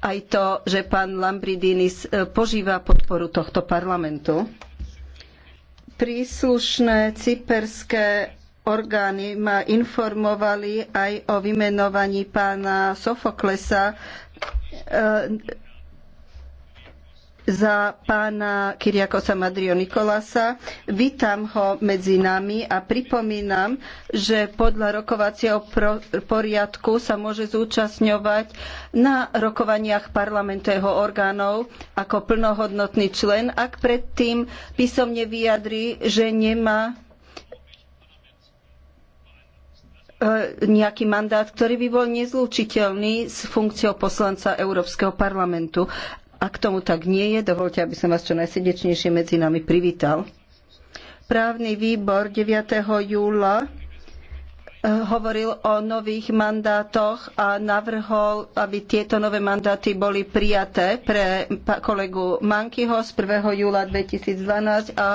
aj to, že pán Lambridinis e, požíva podporu tohto parlamentu. Príslušné cyperské orgány ma informovali aj o vymenovaní pána Sofoklesa e, za pána Kyriakosa Madrio Nikolasa. Vítam ho medzi nami a pripomínam, že podľa rokovacieho poriadku sa môže zúčastňovať na rokovaniach parlamentu jeho orgánov ako plnohodnotný člen, ak predtým písomne vyjadri, že nemá e, nejaký mandát, ktorý by bol nezlučiteľný s funkciou poslanca Európskeho parlamentu. Ak tomu tak nie je, dovolte, aby som vás čo najsrdečnejšie medzi nami privítal. Právny výbor 9. júla eh, hovoril o nových mandátoch a navrhol, aby tieto nové mandáty boli prijaté pre kolegu Mankyho z 1. júla 2012 a